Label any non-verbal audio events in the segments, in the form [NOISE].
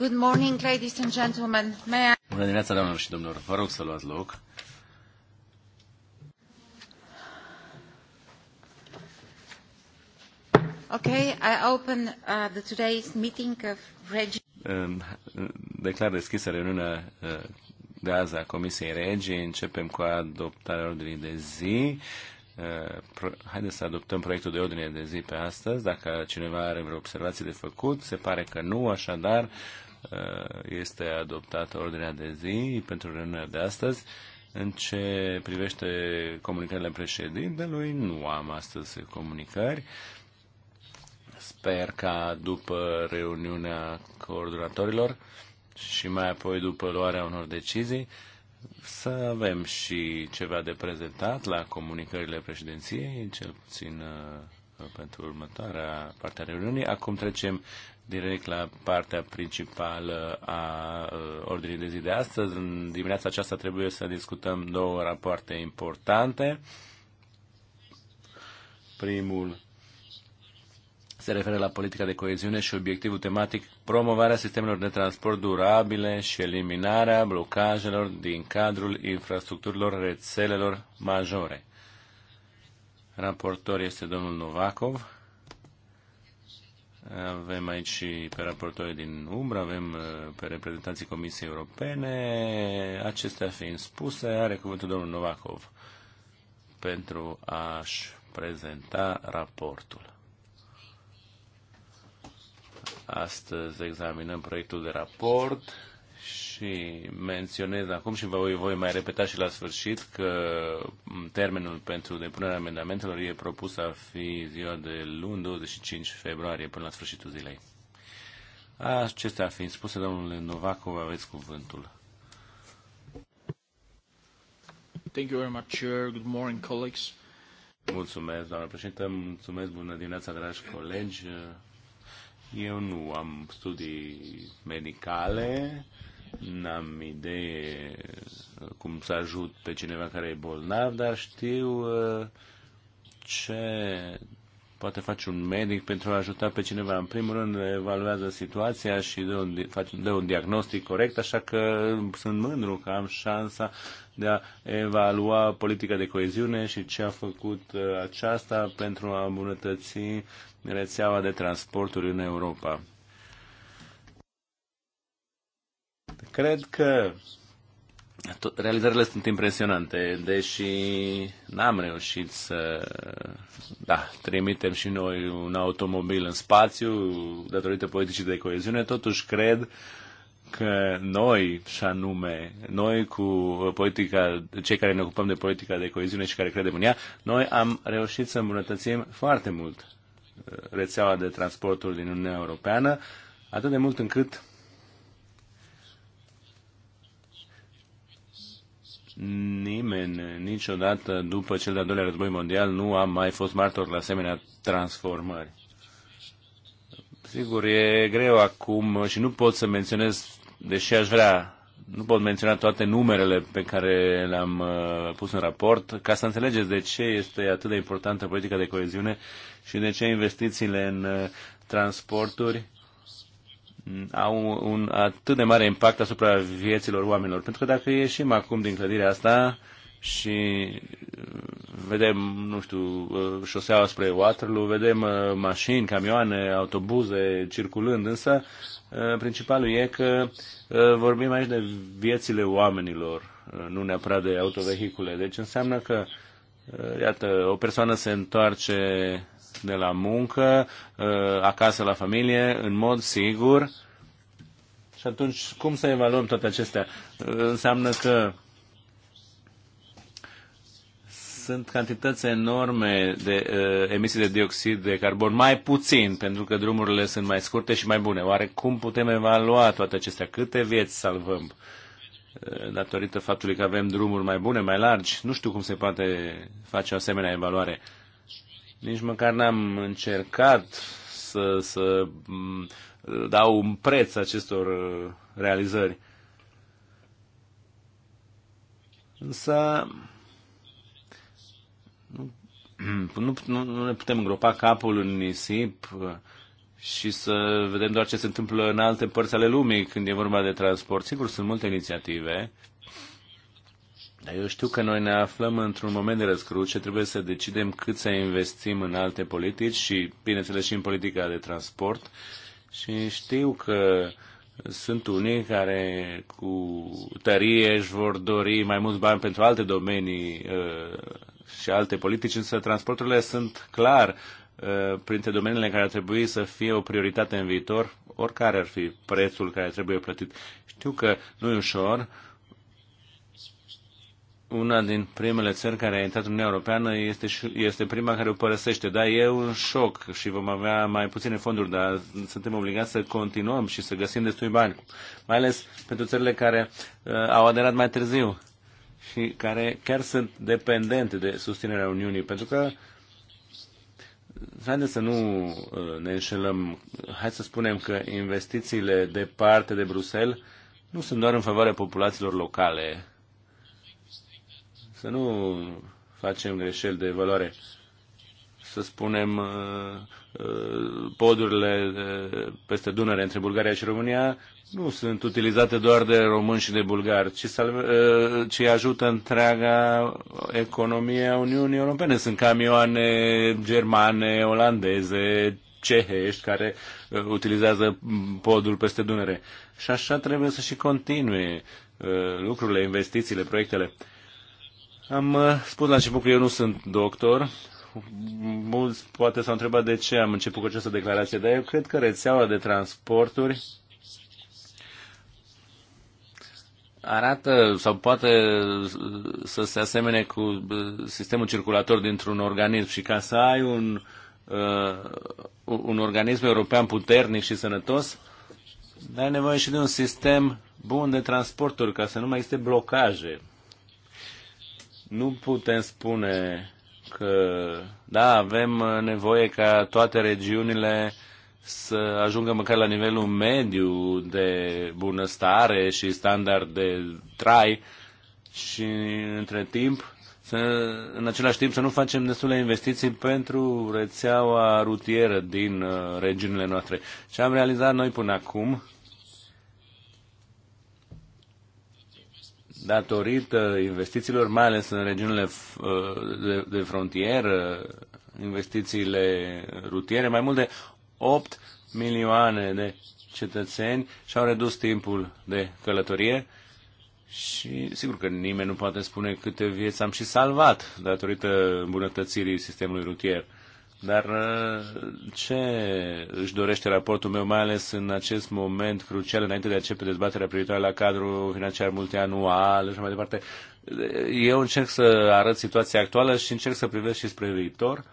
Good morning, ladies and gentlemen. May I... Bună dimineața, doamnelor și domnilor. Vă rog să luați loc. Okay, I open uh, the today's meeting of Regi. Declar deschisă reuniunea uh, de azi a Comisiei Regi. Începem cu adoptarea ordinii de zi. Uh, haideți să adoptăm proiectul de ordine de zi pe astăzi. Dacă cineva are vreo observație de făcut, se pare că nu, așadar Uh, este adoptată ordinea de zi pentru reuniunea de astăzi. În ce privește comunicările președintelui, nu am astăzi comunicări. Sper ca după reuniunea coordonatorilor și mai apoi după luarea unor decizii să avem și ceva de prezentat la comunicările președinției, cel puțin uh, pentru următoarea parte a reuniunii. Acum trecem direct la partea principală a uh, ordinii de zi de astăzi. În dimineața aceasta trebuie să discutăm două rapoarte importante. Primul se referă la politica de coeziune și obiectivul tematic promovarea sistemelor de transport durabile și eliminarea blocajelor din cadrul infrastructurilor rețelelor majore. Raportor este domnul Novakov. Avem aici și pe raportorii din umbră, avem uh, pe reprezentanții Comisiei Europene. Acestea fiind spuse, are cuvântul domnul Novakov pentru a-și prezenta raportul. Astăzi examinăm proiectul de raport și menționez acum și vă voi mai repeta și la sfârșit că termenul pentru depunerea amendamentelor e propus să fi ziua de luni 25 februarie până la sfârșitul zilei. Acestea fiind spuse, domnule Novakov, aveți cuvântul. Thank you very much, sir. Good morning, colleagues. Mulțumesc, doamnă președinte. Mulțumesc, bună dimineața, dragi colegi. Eu nu am studii medicale, n-am idee uh, cum să ajut pe cineva care e bolnav, dar știu uh, ce poate face un medic pentru a ajuta pe cineva. În primul rând, evaluează situația și dă un, face, dă un diagnostic corect, așa că sunt mândru că am șansa de a evalua politica de coeziune și ce a făcut uh, aceasta pentru a îmbunătăți rețeaua de transporturi în Europa. Cred că realizările sunt impresionante, deși n-am reușit să da, trimitem și noi un automobil în spațiu datorită politicii de coeziune, totuși cred că noi, și anume, noi cu politica, cei care ne ocupăm de politica de coeziune și care credem în ea, noi am reușit să îmbunătățim foarte mult uh, rețeaua de transporturi din Uniunea Europeană, atât de mult încât nimeni niciodată după cel de-al doilea război mondial nu a mai fost martor la asemenea transformări. Sigur, e greu acum și nu pot să menționez, deși aș vrea, nu pot menționa toate numerele pe care le-am uh, pus în raport, ca să înțelegeți de ce este atât de importantă politica de coeziune și de ce investițiile în uh, transporturi au un atât de mare impact asupra vieților oamenilor. Pentru că dacă ieșim acum din clădirea asta și uh, vedem, nu știu, uh, șoseaua spre Waterloo, vedem uh, mașini, camioane, autobuze circulând, însă principalul e că vorbim aici de viețile oamenilor, nu neapărat de autovehicule. Deci înseamnă că, iată, o persoană se întoarce de la muncă, uh, acasă la familie, în mod sigur. Și atunci, cum să evaluăm toate acestea? Uh, înseamnă că sunt cantități enorme de uh, emisii de dioxid de carbon, mai puțin, pentru că drumurile sunt mai scurte și mai bune. Oare cum putem evalua toate acestea? Câte vieți salvăm? Uh, datorită faptului că avem drumuri mai bune, mai largi, nu știu cum se poate face o asemenea evaluare. Uh, nici măcar n-am încercat să, să mm, dau un preț acestor uh, realizări. Însă [CLEARS THROAT] nu, nu, nu ne putem îngropa capul în nisip și să vedem doar ce se întâmplă în alte părți ale lumii când e vorba de transport. Sigur, sunt multe inițiative dar eu știu că noi ne aflăm într-un moment de răscruce, trebuie să decidem cât să investim în alte politici și, bineînțeles, și în politica de transport. Și știu că sunt unii care cu tărie își vor dori mai mulți bani pentru alte domenii uh, și alte politici, însă transporturile sunt clar uh, printre domeniile care ar trebui să fie o prioritate în viitor, oricare ar fi prețul care trebuie plătit. Știu că nu e ușor, una din primele țări care a intrat în Uniunea Europeană este, este prima care o părăsește. Da, e un șoc și vom avea mai puține fonduri, dar suntem obligați să continuăm și să găsim destui bani, mai ales pentru țările care uh, au aderat mai târziu și care chiar sunt dependente de susținerea Uniunii, pentru că Haideți să nu uh, ne înșelăm. Hai să spunem că investițiile departe de Bruxelles nu sunt doar în favoarea populațiilor locale, să nu facem greșeli de valoare, Să spunem, uh, uh, podurile uh, peste Dunăre între Bulgaria și România nu sunt utilizate doar de români și de bulgari, ci, salve, ci ajută întreaga economie a Uniunii Europene. Sunt camioane germane, olandeze, cehești care utilizează podul peste Dunăre. Și așa trebuie să și continue lucrurile, investițiile, proiectele. Am uh, spus la început că eu nu sunt doctor. Mulți poate s-au întrebat de ce am început cu această declarație, dar eu cred că rețeaua de transporturi arată sau poate să se asemene cu uh, sistemul circulator dintr-un organism și ca să ai un, uh, un organism european puternic și sănătos, ai nevoie și de un sistem bun de transporturi ca să nu mai existe blocaje nu putem spune că, da, avem uh, nevoie ca toate regiunile să ajungă măcar la nivelul mediu de bunăstare și standard de trai și între timp să, în același timp să nu facem destule investiții pentru rețeaua rutieră din uh, regiunile noastre. Ce am realizat noi până acum datorită investițiilor, mai ales în regiunile uh, de, de frontieră, investițiile rutiere, mai mult de 8 milioane de cetățeni și-au redus timpul de călătorie și sigur că nimeni nu poate spune câte vieți am și salvat datorită îmbunătățirii sistemului rutier. Dar uh, ce își dorește raportul meu, mai ales în acest moment crucial, înainte de a începe dezbaterea privitoare la cadrul financiar multianual și mai departe? Eu încerc să arăt situația actuală și încerc să privesc și spre viitor.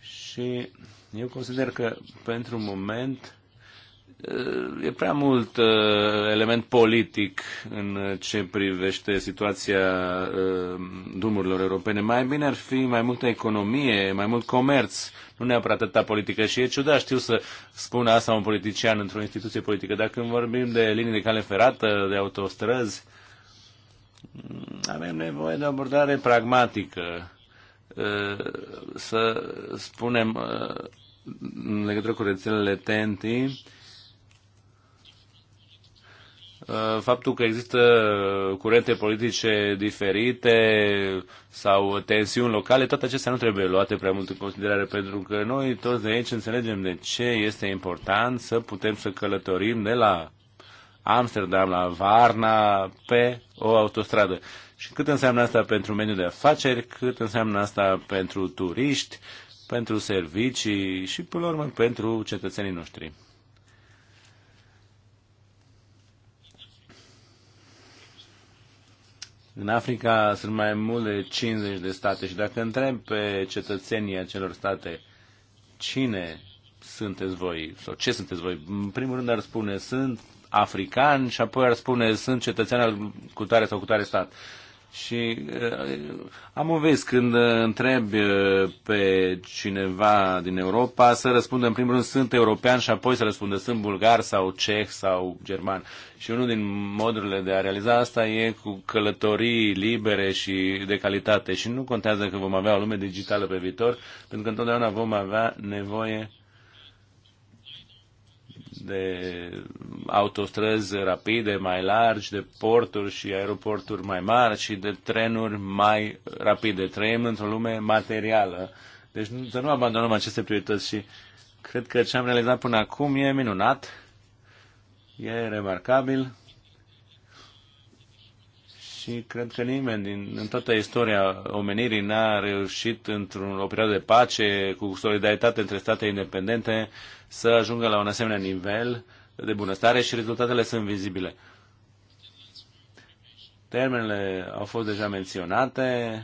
Și eu consider că, pentru moment, Eh, e prea mult uh, element politic în eh, ce privește situația uh, drumurilor europene. Mai bine ar fi mai multă economie, mai mult comerț, nu neapărat atâta politică. Și e ciudat, știu să spună asta un politician într-o instituție politică. Dacă vorbim de linii de cale ferată, de autostrăzi, mm, avem nevoie de o abordare pragmatică. Uh, să spunem, în legătură cu rețelele TNT, Uh, faptul că există curente politice diferite sau tensiuni locale, toate acestea nu trebuie luate prea mult în considerare, pentru că noi toți de aici înțelegem de ce este important să putem să călătorim de la Amsterdam la Varna pe o autostradă. Și cât înseamnă asta pentru mediul de afaceri, cât înseamnă asta pentru turiști, pentru servicii și, până la urmă, pentru cetățenii noștri. În Africa sunt mai mult de 50 de state și dacă întreb pe cetățenii acelor state cine sunteți voi sau ce sunteți voi, în primul rând ar spune sunt african și apoi ar spune sunt cetățean al cutare sau cutare stat. Și uh, am o vis când uh, întreb uh, pe cineva din Europa să răspundă în primul rând sunt european și apoi să răspundă sunt bulgar sau ceh sau german. Și unul din modurile de a realiza asta e cu călătorii libere și de calitate. Și nu contează că vom avea o lume digitală pe viitor, pentru că întotdeauna vom avea nevoie de autostrăzi rapide mai largi, de porturi și aeroporturi mai mari și de trenuri mai rapide. Trăim într-o lume materială. Deci să nu abandonăm aceste priorități și cred că ce am realizat până acum e minunat, e remarcabil și cred că nimeni din, în toată istoria omenirii n-a reușit într-o perioadă de pace, cu solidaritate între state independente, să ajungă la un asemenea nivel de bunăstare și rezultatele sunt vizibile. Termenele au fost deja menționate.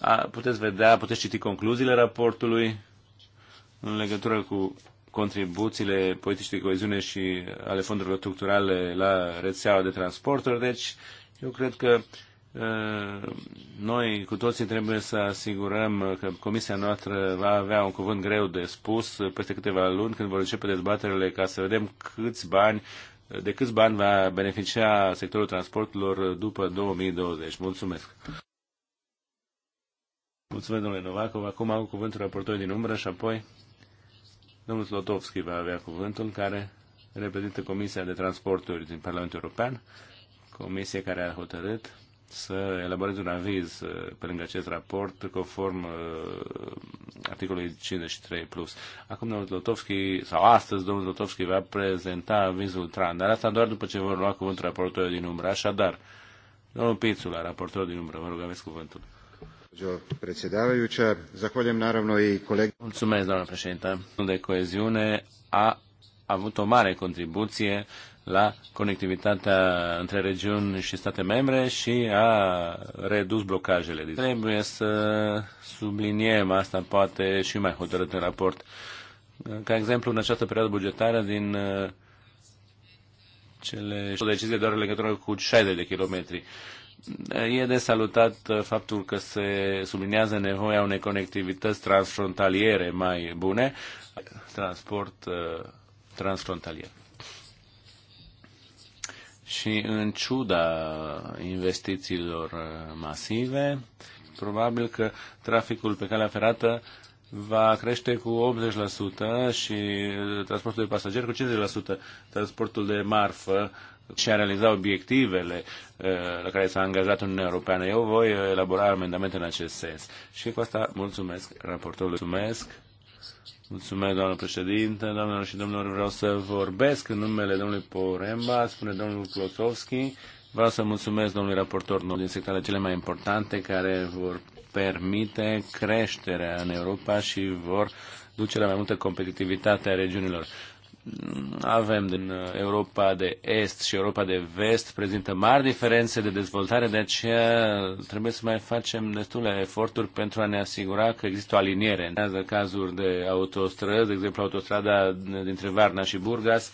A, puteți vedea, puteți citi concluziile raportului în legătură cu contribuțiile politicii de coeziune și ale fondurilor structurale la rețeaua de transporturi. Deci, eu cred că uh, noi cu toții trebuie să asigurăm că comisia noastră va avea un cuvânt greu de spus peste câteva luni când vor începe dezbaterile ca să vedem câți bani de câți bani va beneficia sectorul transporturilor după 2020. Mulțumesc! Mulțumesc, domnule Novakov. Acum au cuvântul raportorului din umbră și apoi Domnul Slotovski va avea cuvântul, care reprezintă Comisia de Transporturi din Parlamentul European, comisie care a hotărât să elaboreze un aviz uh, pe lângă acest raport conform uh, articolului 53+. Plus. Acum domnul Zlotovski, sau astăzi domnul Zlotovski va prezenta avizul TRAN, dar asta doar după ce vor lua cuvântul raportorul din umbră. Așadar, domnul Pițula, raportorul din umbră, vă rog, aveți cuvântul. Zahvaljujem naravno i kolegi Mulțumesc, doamnă președintă. De coeziune a avut o mare contribuție la conectivitatea între regiuni și state membre și a redus blocajele. Trebuie să subliniem asta poate și mai hotărât în raport. Ca exemplu, în această perioadă bugetară din uh, cele o decizie doar legătură cu 60 de kilometri e de salutat uh, faptul că se subliniază nevoia unei conectivități transfrontaliere mai bune, transport uh, transfrontalier. Și în ciuda investițiilor uh, masive, probabil că traficul pe calea ferată va crește cu 80% și transportul de pasageri cu 50%, transportul de marfă și a realiza obiectivele uh, la care s-a angajat Uniunea Europeană. Eu voi uh, elabora amendamente în acest sens. Și cu asta mulțumesc raportorului. Mulțumesc. Mulțumesc, doamnă președinte, doamnelor și domnilor, vreau să vorbesc în numele domnului Poremba, spune domnul Klosovski. Vreau să mulțumesc domnului raportor nou din sectoarele cele mai importante care vor permite creșterea în Europa și vor duce la mai multă competitivitate a regiunilor avem din uh, Europa de Est și Europa de Vest prezintă mari diferențe de dezvoltare, de aceea trebuie să mai facem destule eforturi pentru a ne asigura că există o aliniere. În cazuri de autostrăzi, de exemplu autostrada dintre Varna și Burgas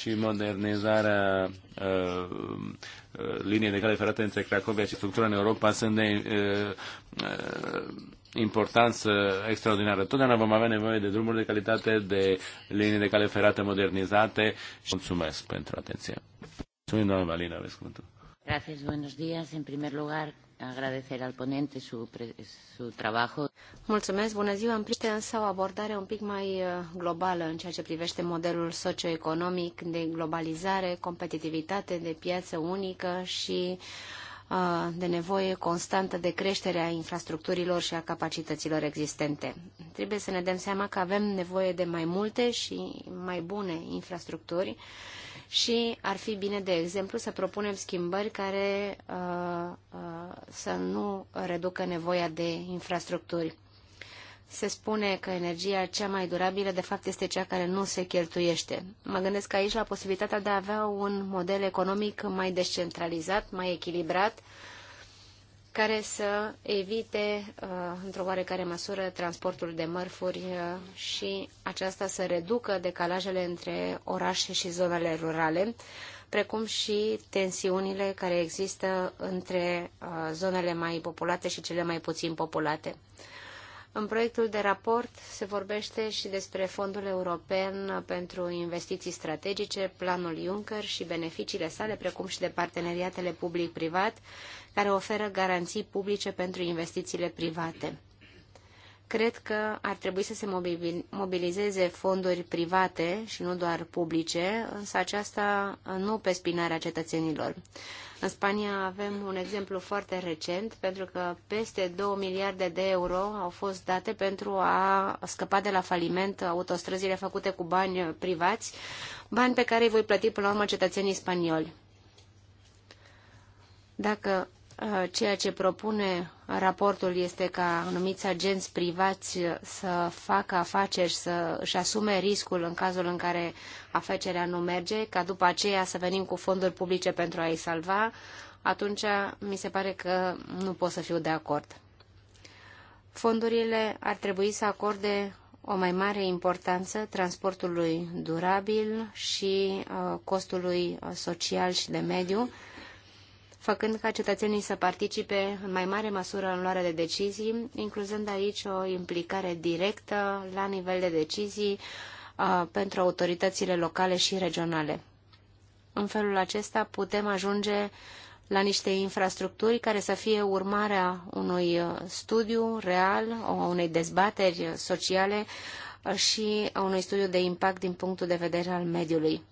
și modernizarea uh, uh, liniei de cale ferată între Cracovia și structura în Europa sunt de, uh, uh, importanță extraordinară. Totdeauna vom avea nevoie de drumuri de calitate, de linii de cale ferată modernizate și mulțumesc pentru atenție. Mulțumim, doamna Valina, aveți cuvântul. Gracias, buenos días. En primer lugar, agradecer al ponente su, pre, su trabajo. Mulțumesc, bună ziua. În primul însă o abordare un pic mai uh, globală în ceea ce privește modelul socioeconomic de globalizare, competitivitate de piață unică și uh, de nevoie constantă de creștere a infrastructurilor și a capacităților existente. Trebuie să ne dăm seama că avem nevoie de mai multe și mai bune infrastructuri și ar fi bine, de exemplu, să propunem schimbări care uh, uh, să nu reducă nevoia de infrastructuri se spune că energia cea mai durabilă, de fapt, este cea care nu se cheltuiește. Mă gândesc aici la posibilitatea de a avea un model economic mai descentralizat, mai echilibrat, care să evite, uh, într-o oarecare măsură, transportul de mărfuri uh, și aceasta să reducă decalajele între orașe și zonele rurale, precum și tensiunile care există între uh, zonele mai populate și cele mai puțin populate. În proiectul de raport se vorbește și despre Fondul European pentru Investiții Strategice, Planul Juncker și beneficiile sale, precum și de parteneriatele public-privat, care oferă garanții publice pentru investițiile private cred că ar trebui să se mobilizeze fonduri private și nu doar publice, însă aceasta nu pe spinarea cetățenilor. În Spania avem un exemplu foarte recent, pentru că peste 2 miliarde de euro au fost date pentru a scăpa de la faliment autostrăzile făcute cu bani privați, bani pe care îi voi plăti până la urmă cetățenii spanioli. Dacă Uh, ceea ce propune raportul este ca anumiți agenți privați să facă afaceri, să își asume riscul în cazul în care afacerea nu merge, ca după aceea să venim cu fonduri publice pentru a-i salva, atunci mi se pare că nu pot să fiu de acord. Fondurile ar trebui să acorde o mai mare importanță transportului durabil și uh, costului uh, social și de mediu, făcând ca cetățenii să participe în mai mare măsură în luarea de decizii, incluzând aici o implicare directă la nivel de decizii uh, pentru autoritățile locale și regionale. În felul acesta putem ajunge la niște infrastructuri care să fie urmarea unui uh, studiu real, unei dezbateri sociale uh, și a unui studiu de impact din punctul de vedere al mediului.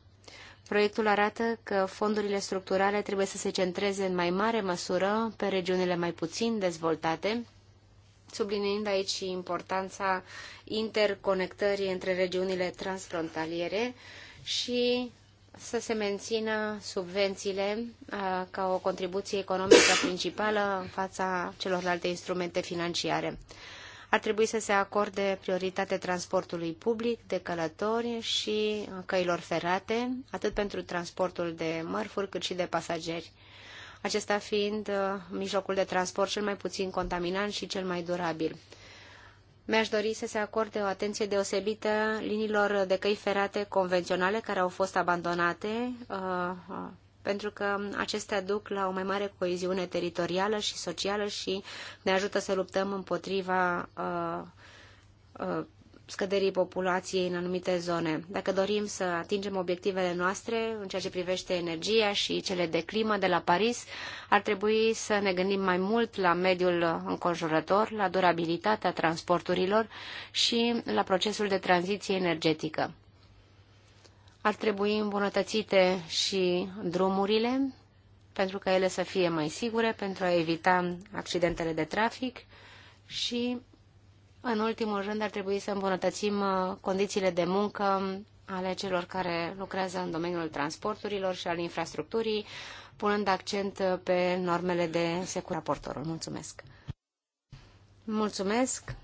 Proiectul arată că fondurile structurale trebuie să se centreze în mai mare măsură pe regiunile mai puțin dezvoltate, subliniind aici și importanța interconectării între regiunile transfrontaliere și să se mențină subvențiile a, ca o contribuție economică principală în fața celorlalte instrumente financiare ar trebui să se acorde prioritate transportului public de călători și căilor ferate, atât pentru transportul de mărfuri cât și de pasageri. Acesta fiind uh, mijlocul de transport cel mai puțin contaminant și cel mai durabil. Mi-aș dori să se acorde o atenție deosebită liniilor de căi ferate convenționale care au fost abandonate uh, pentru că acestea duc la o mai mare coeziune teritorială și socială și ne ajută să luptăm împotriva uh, uh, scăderii populației în anumite zone. Dacă dorim să atingem obiectivele noastre în ceea ce privește energia și cele de climă de la Paris, ar trebui să ne gândim mai mult la mediul înconjurător, la durabilitatea transporturilor și la procesul de tranziție energetică. Ar trebui îmbunătățite și drumurile pentru ca ele să fie mai sigure, pentru a evita accidentele de trafic și, în ultimul rând, ar trebui să îmbunătățim uh, condițiile de muncă ale celor care lucrează în domeniul transporturilor și al infrastructurii, punând accent uh, pe normele de securitate. Raportorul, mulțumesc! Mulțumesc!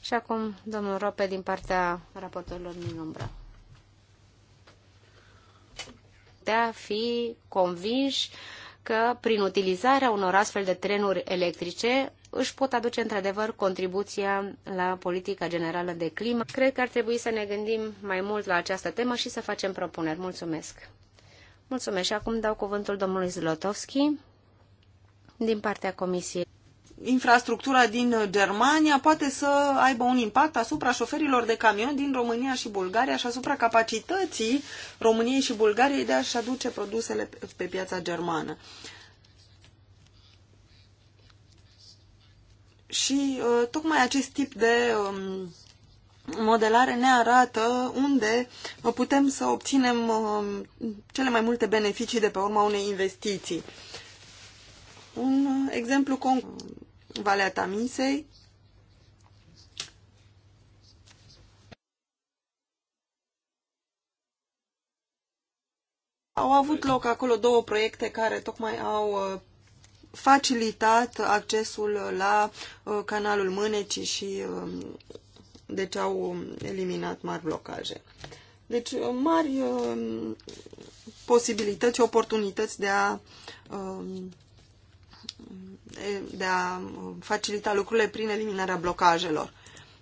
Și acum, domnul Rope, din partea raportorilor din umbră putea fi convinși că prin utilizarea unor astfel de trenuri electrice își pot aduce într-adevăr contribuția la politica generală de climă. Cred că ar trebui să ne gândim mai mult la această temă și să facem propuneri. Mulțumesc! Mulțumesc și acum dau cuvântul domnului Zlotovski din partea Comisiei infrastructura din Germania poate să aibă un impact asupra șoferilor de camion din România și Bulgaria și asupra capacității României și Bulgariei de a-și aduce produsele pe piața germană. Și uh, tocmai acest tip de um, modelare ne arată unde uh, putem să obținem um, cele mai multe beneficii de pe urma unei investiții. Un uh, exemplu concret Valea Tamisei. Au avut loc acolo două proiecte care tocmai au uh, facilitat accesul la uh, canalul Mânecii și um, deci au um, eliminat mari blocaje. Deci uh, mari um, posibilități, oportunități de a de a uh, facilita lucrurile prin eliminarea blocajelor.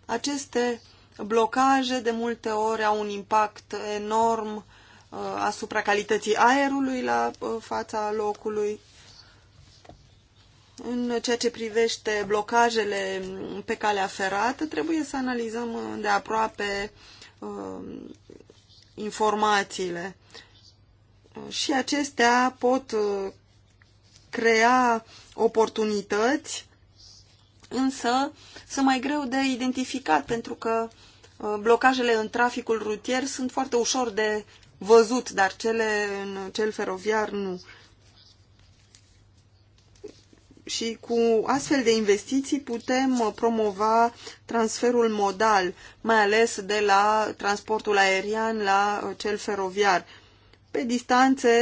Aceste blocaje de multe ori au un impact enorm uh, asupra calității aerului la uh, fața locului. În ceea ce privește blocajele pe calea ferată, trebuie să analizăm de aproape informațiile. Și acestea pot crea oportunități, însă sunt mai greu de identificat pentru că uh, blocajele în traficul rutier sunt foarte ușor de văzut, dar cele în cel feroviar nu. Și cu astfel de investiții putem uh, promova transferul modal, mai ales de la transportul aerian la uh, cel feroviar pe distanțe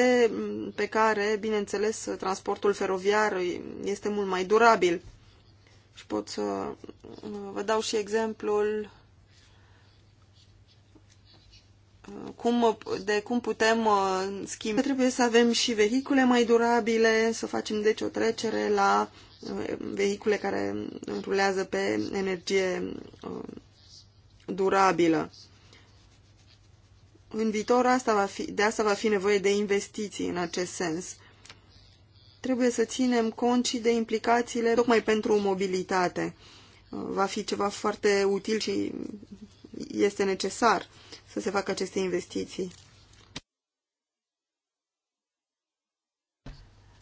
pe care, bineînțeles, transportul feroviar este mult mai durabil. Și pot să uh, vă dau și exemplul uh, cum, de cum putem uh, schimba. Trebuie să avem și vehicule mai durabile, să facem deci o trecere la vehicule care rulează pe energie durabilă în viitor asta va fi, de asta va fi nevoie de investiții în acest sens. Trebuie să ținem cont și de implicațiile tocmai pentru mobilitate. Va fi ceva foarte util și este necesar să se facă aceste investiții.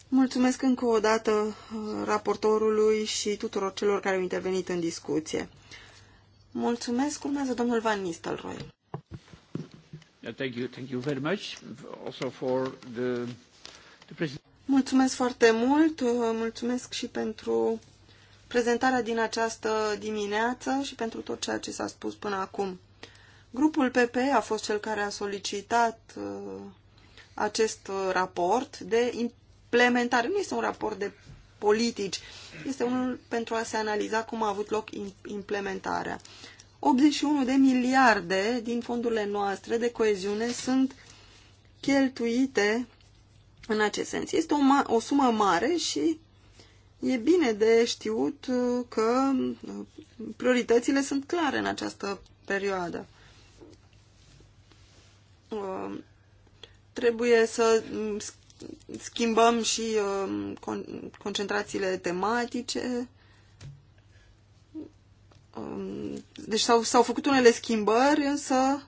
Mulțumesc încă o dată uh, raportorului și tuturor celor care au intervenit în discuție. Mulțumesc, urmează domnul Van Nistelrooy. Thank you, thank you very much also for the, the Mulțumesc foarte mult, uh, mulțumesc și pentru prezentarea din această dimineață și pentru tot ceea ce s-a spus până acum. Grupul PP a fost cel care a solicitat uh, acest uh, raport de implementare. Nu este un raport de politici, este unul pentru a se analiza cum a avut loc implementarea. 81 de miliarde din fondurile noastre de coeziune sunt cheltuite în acest sens. Este o, o sumă mare și e bine de știut uh, că uh, prioritățile sunt clare în această perioadă. Uh, trebuie să mm, schimbăm și concentrațiile tematice, Um, deci s-au, s-au făcut unele schimbări, însă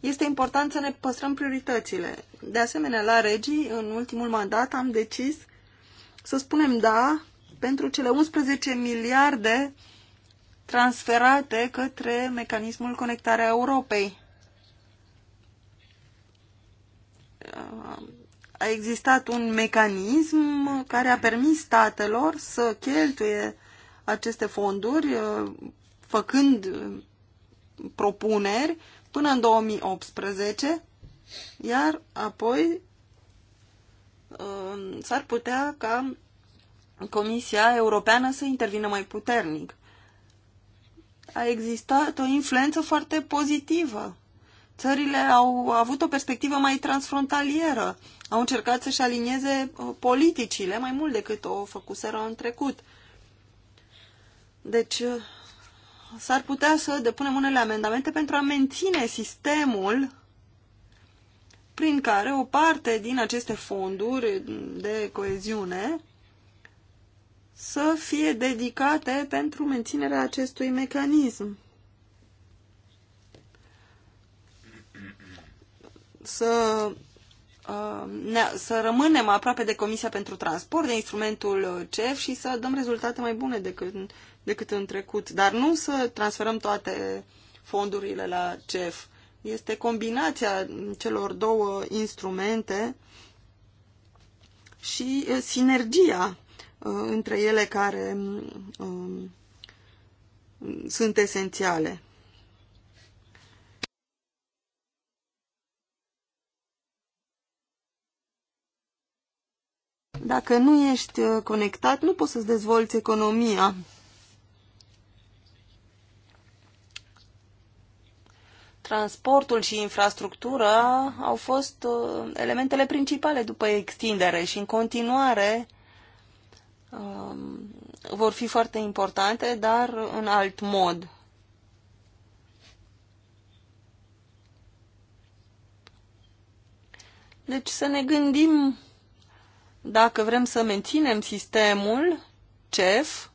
este important să ne păstrăm prioritățile. De asemenea, la regii, în ultimul mandat, am decis să spunem da pentru cele 11 miliarde transferate către mecanismul conectarea Europei. a existat un mecanism care a permis statelor să cheltuie aceste fonduri uh, făcând uh, propuneri până în 2018, iar apoi uh, s-ar putea ca Comisia Europeană să intervină mai puternic. A existat o influență foarte pozitivă țările au avut o perspectivă mai transfrontalieră, au încercat să-și alinieze uh, politicile mai mult decât o făcuseră în trecut. Deci, uh, s-ar putea să depunem unele amendamente pentru a menține sistemul prin care o parte din aceste fonduri de coeziune să fie dedicate pentru menținerea acestui mecanism. să, uh, să rămânem aproape de Comisia pentru Transport, de instrumentul CEF și să dăm rezultate mai bune decât, decât în trecut. Dar nu să transferăm toate fondurile la CEF. Este combinația celor două instrumente și uh, sinergia uh, între ele care um, sunt esențiale. Dacă nu ești uh, conectat, nu poți să-ți dezvolți economia. Transportul și infrastructura au fost uh, elementele principale după extindere și în continuare um, vor fi foarte importante, dar în alt mod. Deci să ne gândim dacă vrem să menținem sistemul CEF,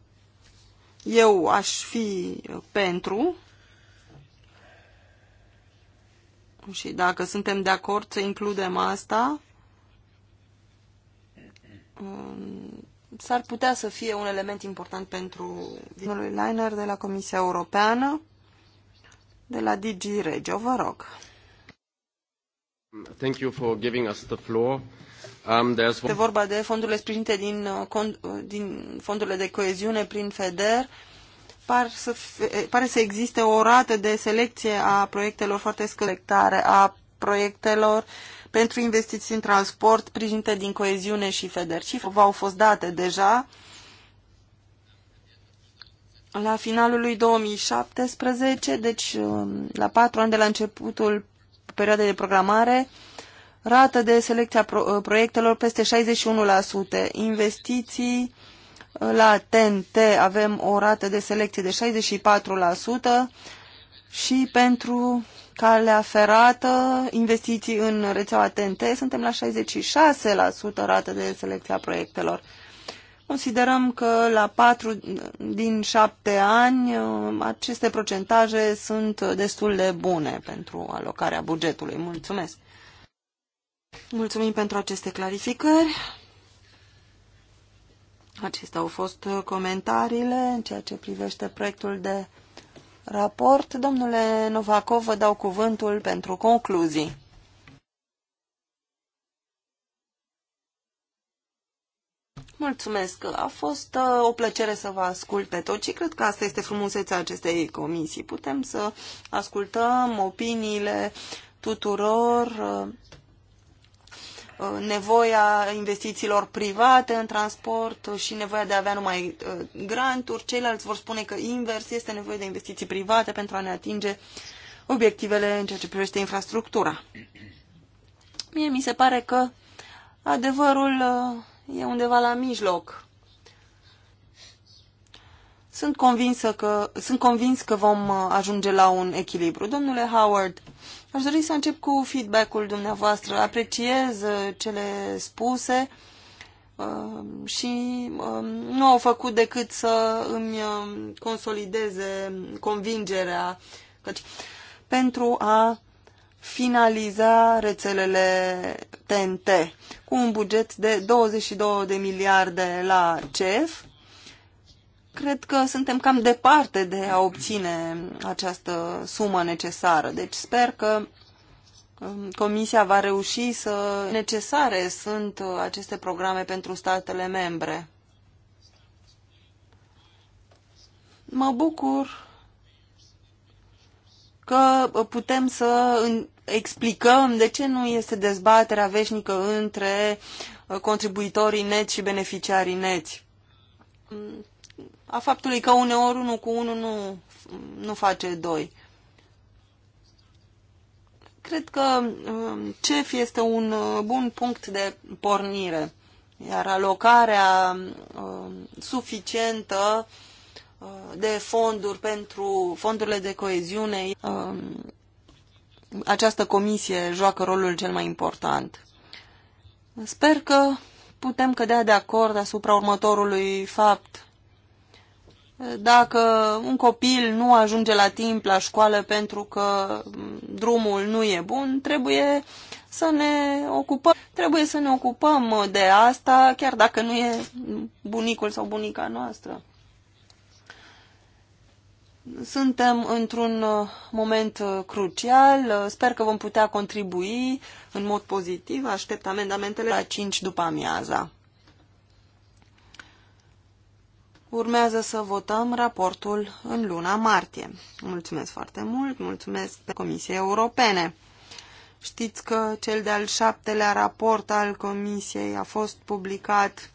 eu aș fi pentru și dacă suntem de acord să includem asta, um, s-ar putea să fie un element important pentru domnului Liner de la Comisia Europeană, de la DG Regio, vă rog. Thank you for giving us the floor este vorba de fondurile sprijinite din, uh, uh, din fondurile de coeziune prin FEDER. Par să fie, eh, pare să existe o rată de selecție a proiectelor foarte scălectare, a proiectelor pentru investiții în transport sprijinite din coeziune și FEDER. Cifre v-au fost date deja. La finalul lui 2017, deci um, la patru ani de la începutul perioadei de programare, rată de selecție a uh, proiectelor peste 61%, investiții uh, la TNT avem o rată de selecție de 64% și pentru calea ferată, investiții în rețeaua TNT, suntem la 66% rată de selecție a proiectelor. Considerăm că la 4 din 7 ani uh, aceste procentaje sunt destul de bune pentru alocarea bugetului. Mulțumesc! Mulțumim pentru aceste clarificări. Acestea au fost comentariile în ceea ce privește proiectul de raport. Domnule Novakov, vă dau cuvântul pentru concluzii. Mulțumesc. A fost uh, o plăcere să vă ascult pe tot și cred că asta este frumusețea acestei comisii. Putem să ascultăm opiniile tuturor uh, Uh, nevoia investițiilor private în transport și nevoia de a avea numai uh, granturi. Ceilalți vor spune că invers este nevoie de investiții private pentru a ne atinge obiectivele în ceea ce privește infrastructura. Mie mi se pare că adevărul uh, e undeva la mijloc. Sunt, convinsă că, sunt convins că vom ajunge la un echilibru. Domnule Howard, Aș dori să încep cu feedback-ul dumneavoastră. Apreciez uh, cele spuse um, și um, nu au făcut decât să îmi um, consolideze convingerea căci pentru a finaliza rețelele TNT cu un buget de 22 de miliarde la CEF, cred că suntem cam departe de a obține această sumă necesară. Deci sper că um, Comisia va reuși să necesare sunt uh, aceste programe pentru statele membre. Mă bucur că putem să explicăm de ce nu este dezbaterea veșnică între uh, contribuitorii neți și beneficiarii neți a faptului că uneori unul cu unul nu, nu face doi. Cred că um, CEF este un uh, bun punct de pornire, iar alocarea um, suficientă uh, de fonduri pentru fondurile de coeziune, um, această comisie joacă rolul cel mai important. Sper că putem cădea de acord asupra următorului fapt dacă un copil nu ajunge la timp la școală pentru că drumul nu e bun, trebuie să ne ocupăm. Trebuie să ne ocupăm de asta, chiar dacă nu e bunicul sau bunica noastră. Suntem într-un moment crucial, sper că vom putea contribui în mod pozitiv, aștept amendamentele la 5 după amiaza. Urmează să votăm raportul în luna martie. Mulțumesc foarte mult, mulțumesc Comisiei Europene. Știți că cel de-al șaptelea raport al Comisiei a fost publicat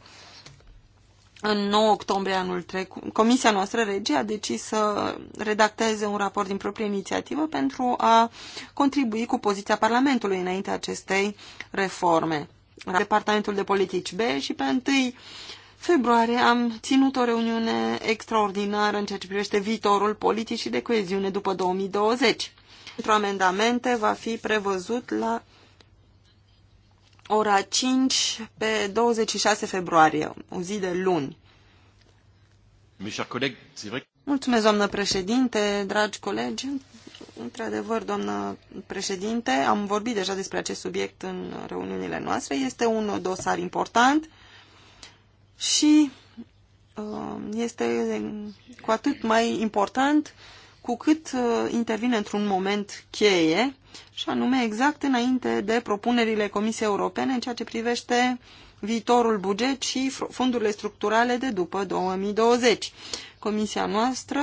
în 9 octombrie anul trecut. Comisia noastră, regie, a decis să redacteze un raport din proprie inițiativă pentru a contribui cu poziția Parlamentului înaintea acestei reforme. Departamentul de Politici B și pe întâi februarie am ținut o reuniune extraordinară în ceea ce privește viitorul politic și de coeziune după 2020. Pentru amendamente va fi prevăzut la ora 5 pe 26 februarie, o zi de luni. Mulțumesc, doamnă președinte, dragi colegi. Într-adevăr, doamnă președinte, am vorbit deja despre acest subiect în reuniunile noastre. Este un dosar important și uh, este cu atât mai important cu cât uh, intervine într-un moment cheie, și anume exact înainte de propunerile Comisiei Europene în ceea ce privește viitorul buget și fondurile structurale de după 2020. Comisia noastră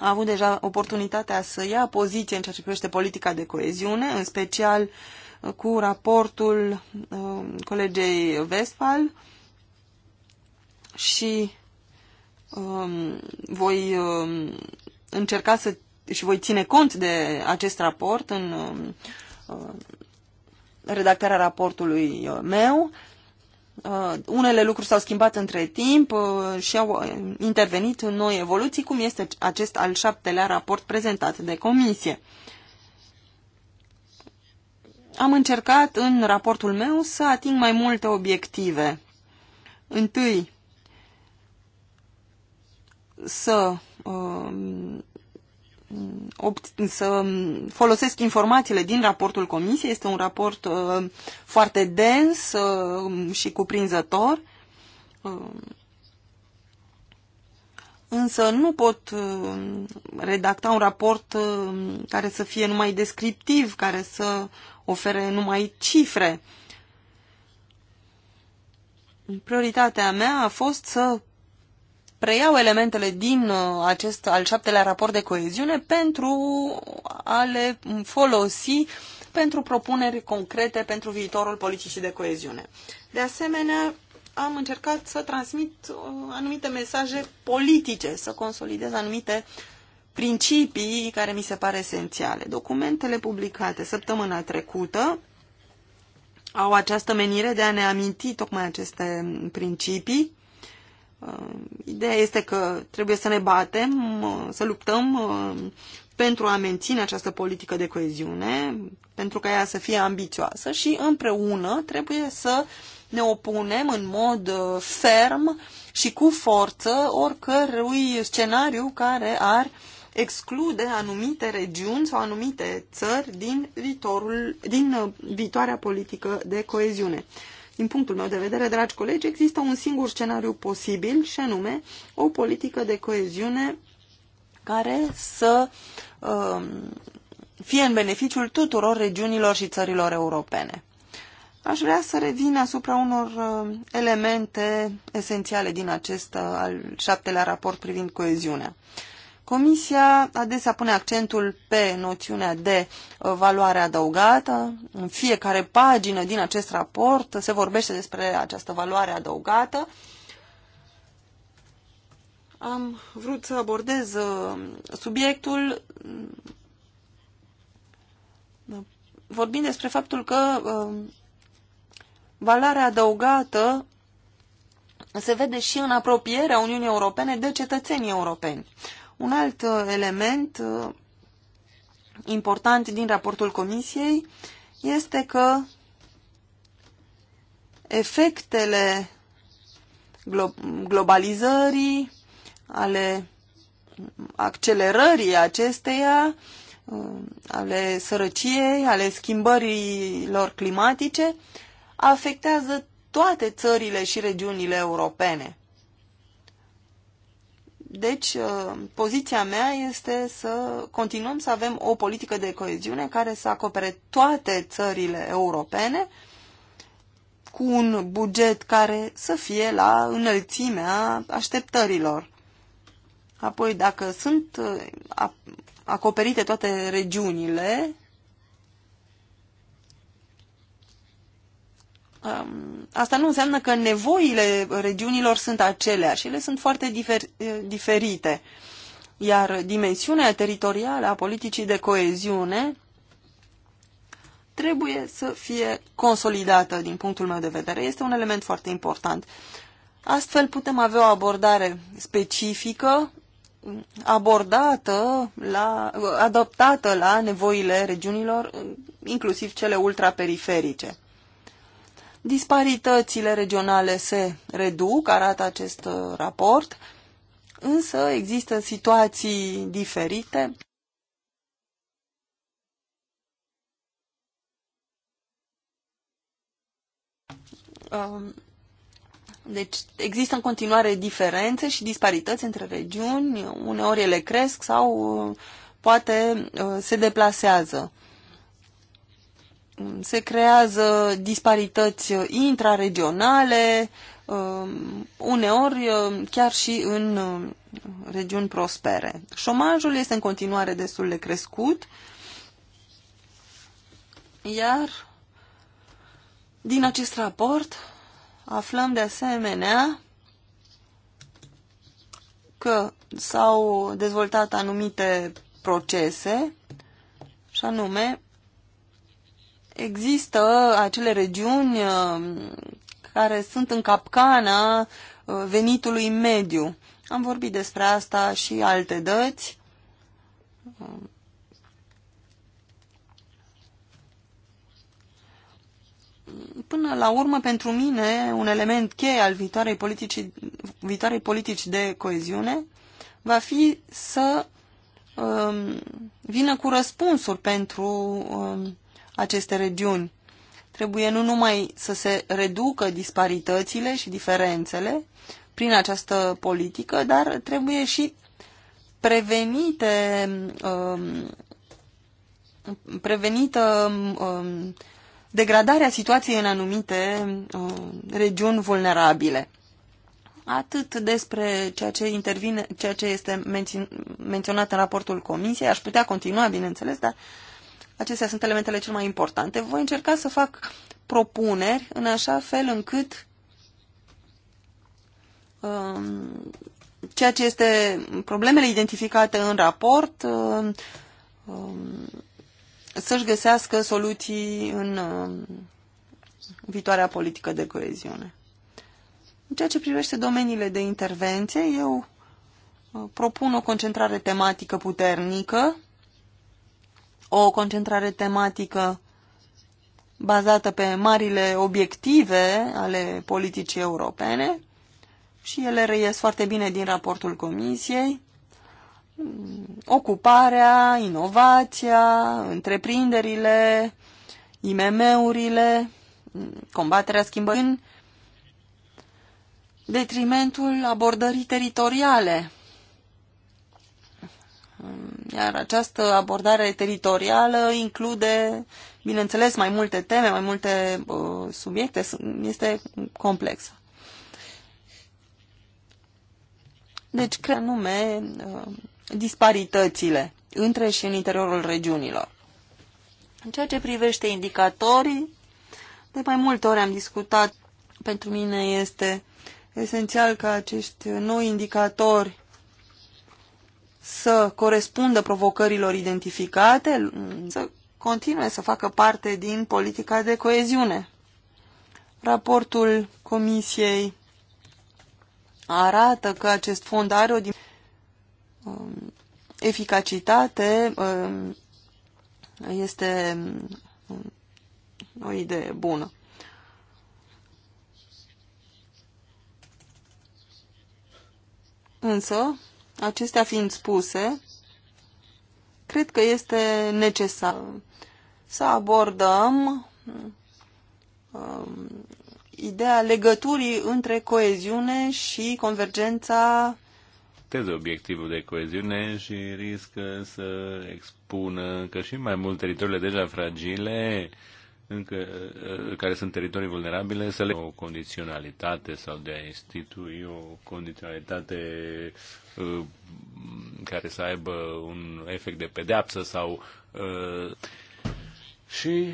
a avut deja oportunitatea să ia poziție în ceea ce privește politica de coeziune, în special uh, cu raportul colegei Vestfal, și um, voi um, încerca să și voi ține cont de acest raport în um, uh, redactarea raportului uh, meu. Uh, unele lucruri s-au schimbat între timp uh, și au uh, intervenit în noi evoluții, cum este acest al șaptelea raport prezentat de comisie. Am încercat în raportul meu să ating mai multe obiective. Întâi, să, um, să folosesc informațiile din raportul comisiei. Este un raport uh, foarte dens uh, și cuprinzător. Um, însă nu pot uh, redacta un raport care să fie numai descriptiv, care să ofere numai cifre. Prioritatea mea a fost să preiau elementele din uh, acest al șaptelea raport de coeziune pentru a le folosi pentru propuneri concrete pentru viitorul politicii de coeziune. De asemenea, am încercat să transmit uh, anumite mesaje politice, să consolidez anumite principii care mi se pare esențiale. Documentele publicate săptămâna trecută au această menire de a ne aminti tocmai aceste principii Uh, ideea este că trebuie să ne batem, uh, să luptăm uh, pentru a menține această politică de coeziune, pentru ca ea să fie ambițioasă și împreună trebuie să ne opunem în mod ferm și cu forță oricărui scenariu care ar exclude anumite regiuni sau anumite țări din, viitorul, din viitoarea politică de coeziune. Din punctul meu de vedere, dragi colegi, există un singur scenariu posibil și anume o politică de coeziune care să uh, fie în beneficiul tuturor regiunilor și țărilor europene. Aș vrea să revin asupra unor uh, elemente esențiale din acest uh, al șaptelea raport privind coeziunea. Uh, Comisia adesea pune accentul pe noțiunea de uh, valoare adăugată. În fiecare pagină din acest raport se vorbește despre această valoare adăugată. Am vrut să abordez uh, subiectul uh, vorbind despre faptul că valoarea adăugată se vede și în apropierea Uniunii Europene de cetățenii europeni. Un alt uh, element uh, important din raportul Comisiei este că efectele globalizării, ale accelerării acesteia, uh, ale sărăciei, ale schimbărilor climatice, afectează toate țările și regiunile europene. Deci, uh, poziția mea este să continuăm să avem o politică de coeziune care să acopere toate țările europene cu un buget care să fie la înălțimea așteptărilor. Apoi, dacă sunt uh, acoperite toate regiunile, Um, asta nu înseamnă că nevoile regiunilor sunt aceleași, ele sunt foarte difer, uh, diferite. Iar dimensiunea teritorială a politicii de coeziune trebuie să fie consolidată din punctul meu de vedere. Este un element foarte important. Astfel putem avea o abordare specifică, abordată, la, adoptată la nevoile regiunilor, inclusiv cele ultraperiferice. Disparitățile regionale se reduc, arată acest uh, raport, însă există situații diferite. Um, deci există în continuare diferențe și disparități între regiuni, uneori ele cresc sau uh, poate uh, se deplasează se creează disparități intraregionale, um, uneori um, chiar și în um, regiuni prospere. Șomajul este în continuare destul de crescut, iar din acest raport aflăm de asemenea că s-au dezvoltat anumite procese, și anume există acele regiuni uh, care sunt în capcana uh, venitului mediu. Am vorbit despre asta și alte dăți. Până la urmă, pentru mine, un element cheie al viitoarei politici, viitoarei politici de coeziune va fi să um, vină cu răspunsuri pentru um, aceste regiuni. Trebuie nu numai să se reducă disparitățile și diferențele prin această politică, dar trebuie și prevenite, um, prevenită um, degradarea situației în anumite um, regiuni vulnerabile. Atât despre ceea ce, intervine, ceea ce este menționat în raportul Comisiei. Aș putea continua, bineînțeles, dar Acestea sunt elementele cel mai importante. Voi încerca să fac propuneri în așa fel încât um, ceea ce este problemele identificate în raport um, um să-și găsească soluții în um, viitoarea politică de coeziune. În ceea ce privește domeniile de intervenție, eu uh, propun o concentrare tematică puternică o concentrare tematică bazată pe marile obiective ale politicii europene și ele reies foarte bine din raportul Comisiei. Ocuparea, inovația, întreprinderile, IMM-urile, combaterea schimbării detrimentul abordării teritoriale iar această abordare teritorială include, bineînțeles, mai multe teme, mai multe uh, subiecte, este complexă. Deci, cred nume uh, disparitățile între și în interiorul regiunilor. În ceea ce privește indicatorii, de mai multe ori am discutat, pentru mine este esențial ca acești noi indicatori să corespundă provocărilor identificate, să continue să facă parte din politica de coeziune. Raportul Comisiei arată că acest fond are o um, eficacitate, um, este um, o idee bună. Însă, Acestea fiind spuse, cred că este necesar să abordăm um, ideea legăturii între coeziune și convergența teze obiectivul de coeziune și riscă să expună că și mai mult teritoriile deja fragile uh, încă, uh, care sunt teritorii vulnerabile, să le o condiționalitate sau de a institui o condiționalitate uh, care să aibă un efect de pedeapsă sau uh, și,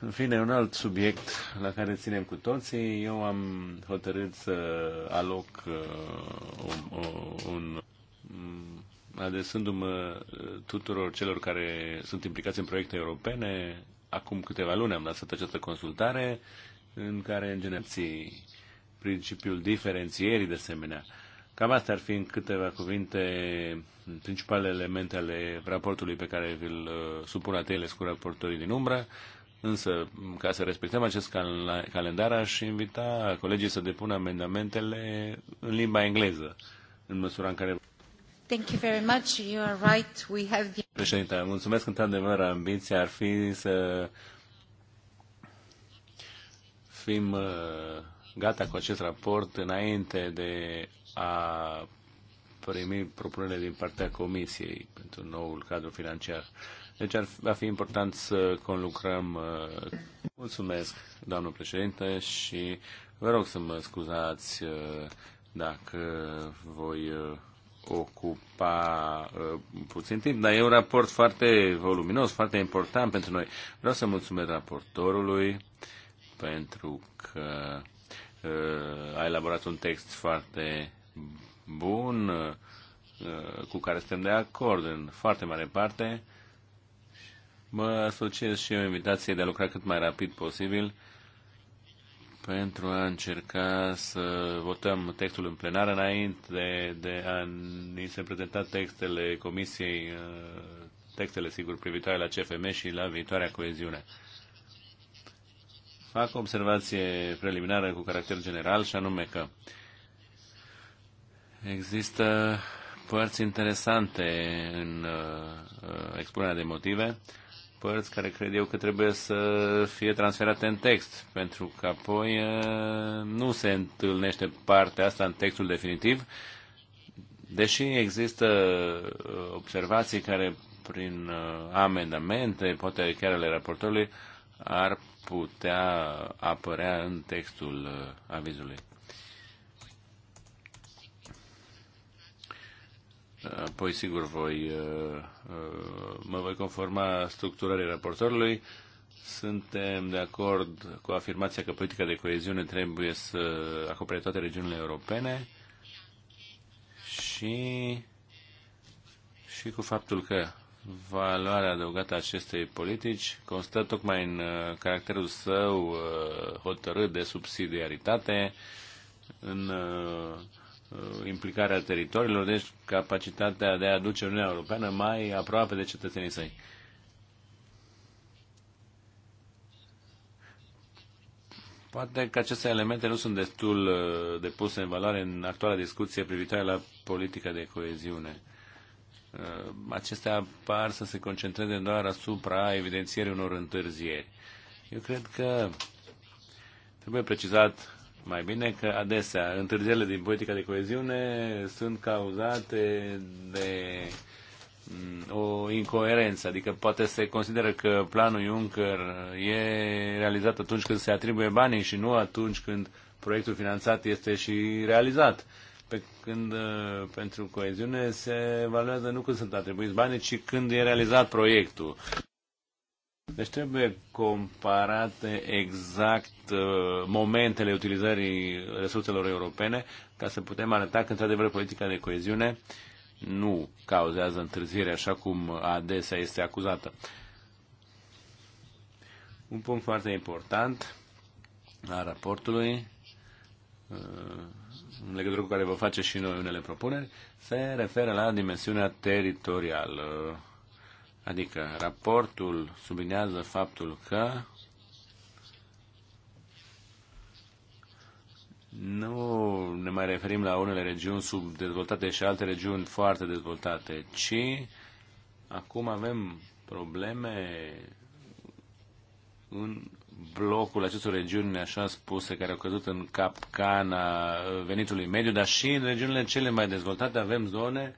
în fine, un alt subiect la care ținem cu toții, eu am hotărât să aloc uh, un, un adresându-mă tuturor celor care sunt implicați în proiecte europene, acum câteva luni am lăsat această consultare în care în general principiul diferențierii de asemenea. Cam astea ar fi în câteva cuvinte principalele elemente ale raportului pe care vi-l uh, supun ateles cu raportorii din umbră. Însă, ca să respectăm acest cal- calendar, aș invita colegii să depună amendamentele în limba engleză, în măsura în care... Thank you very much. You are right. We have the... Președinte, mulțumesc într-adevăr. Ambiția ar fi să fim uh, gata cu acest raport înainte de a primi propunerile din partea Comisiei pentru noul cadru financiar. Deci ar, va fi important să conlucrăm. Uh, mulțumesc, doamnul președinte, și vă rog să mă scuzați uh, dacă voi ocupa uh, puțin timp, dar e un raport foarte voluminos, foarte important pentru noi. Vreau să mulțumesc raportorului pentru că uh, a elaborat un text foarte bun, uh, cu care suntem de acord în foarte mare parte. Mă asociez și eu invitație de a lucra cât mai rapid posibil pentru a încerca să votăm textul în plenar înainte de, de a ni se prezenta textele Comisiei, uh, textele, sigur, privitoare la CFM și la viitoarea coeziune. Fac o observație preliminară cu caracter general și anume că există părți interesante în uh, uh expunerea de motive părți care cred eu că trebuie să fie transferate în text, pentru că apoi nu se întâlnește partea asta în textul definitiv, deși există observații care prin amendamente, poate chiar ale raportorului, ar putea apărea în textul avizului. Apoi, sigur, voi, uh, uh, mă voi conforma structurării raportorului. Suntem de acord cu afirmația că politica de coeziune trebuie să acopere toate regiunile europene și, și cu faptul că valoarea adăugată a acestei politici constă tocmai în uh, caracterul său hotărât de subsidiaritate, în Uh, implicarea teritoriilor, deci capacitatea de a aduce Uniunea Europeană mai aproape de cetățenii săi. Poate că aceste elemente nu sunt destul uh, de puse în valoare în actuala discuție privitoare la politica de coeziune. Uh, acestea par să se concentreze doar asupra evidențierii unor întârzieri. Eu cred că trebuie precizat mai bine că adesea întârzierile din politica de coeziune sunt cauzate de mm, o incoerență, adică poate se consideră că planul Juncker e realizat atunci când se atribuie banii și nu atunci când proiectul finanțat este și realizat. Pe când uh, pentru coeziune se evaluează nu când sunt atribuiți banii, ci când e realizat proiectul. Deci trebuie comparate exact uh, momentele utilizării resurselor europene ca să putem arăta că, într-adevăr, politica de coeziune nu cauzează întârziere așa cum adesea este acuzată. Un punct foarte important a raportului, uh, în legătură cu care vă face și noi unele propuneri, se referă la dimensiunea teritorială Adică raportul sublinează faptul că nu ne mai referim la unele regiuni subdezvoltate și alte regiuni foarte dezvoltate, ci acum avem probleme în blocul acestor regiuni așa spuse care au căzut în capcana venitului mediu, dar și în regiunile cele mai dezvoltate avem zone uh,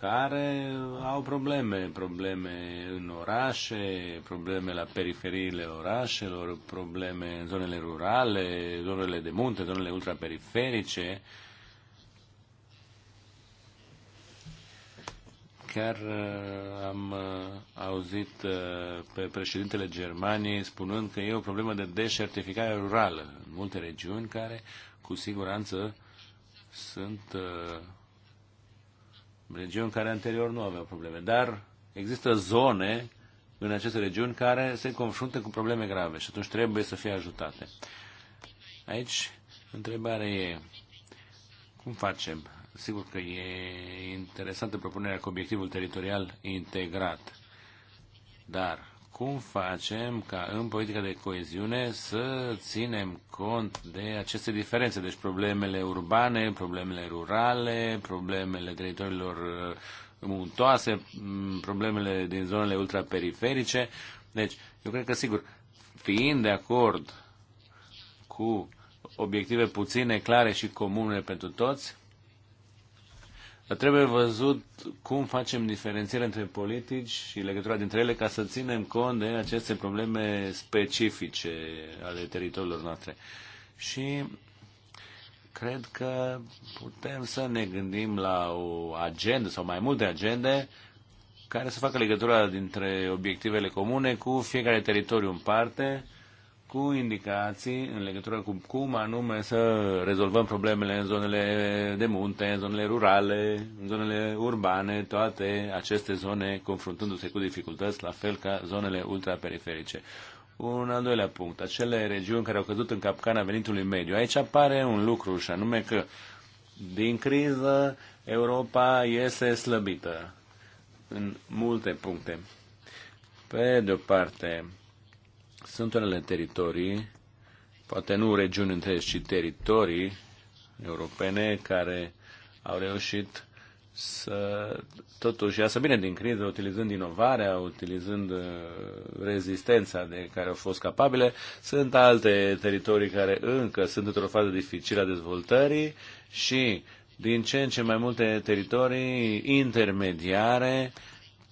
care au probleme, probleme în orașe, probleme la periferiile orașelor, probleme în zonele rurale, zonele de munte, zonele ultraperiferice. Chiar uh, am uh, auzit uh, pe președintele Germaniei spunând că e o problemă de deșertificare rurală în multe regiuni care cu siguranță sunt regiuni care anterior nu aveau probleme. Dar există zone în aceste regiuni care se confruntă cu probleme grave și atunci trebuie să fie ajutate. Aici, întrebarea e, cum facem? Sigur că e interesantă propunerea cu obiectivul teritorial integrat, dar cum facem ca în politica de coeziune să ținem cont de aceste diferențe, deci problemele urbane, problemele rurale, problemele teritoriilor uh, muntoase, problemele din zonele ultraperiferice. Deci, eu cred că, sigur, fiind de acord cu obiective puține, clare și comune pentru toți, dar trebuie văzut cum facem diferențierea între politici și legătura dintre ele ca să ținem cont de aceste probleme specifice ale teritoriilor noastre. Și cred că putem să ne gândim la o agendă sau mai multe agende care să facă legătura dintre obiectivele comune cu fiecare teritoriu în parte cu indicații în legătură cu cum anume să rezolvăm problemele în zonele de munte, în zonele rurale, în zonele urbane, toate aceste zone confruntându-se cu dificultăți, la fel ca zonele ultraperiferice. Un al doilea punct, acele regiuni care au căzut în capcana venitului mediu. Aici apare un lucru și anume că din criză Europa iese slăbită în multe puncte. Pe de o parte, sunt unele teritorii, poate nu regiuni întregi, ci teritorii europene care au reușit să totuși iasă bine din criză, utilizând inovarea, utilizând uh, rezistența de care au fost capabile. Sunt alte teritorii care încă sunt într-o fază dificilă a dezvoltării și din ce în ce mai multe teritorii intermediare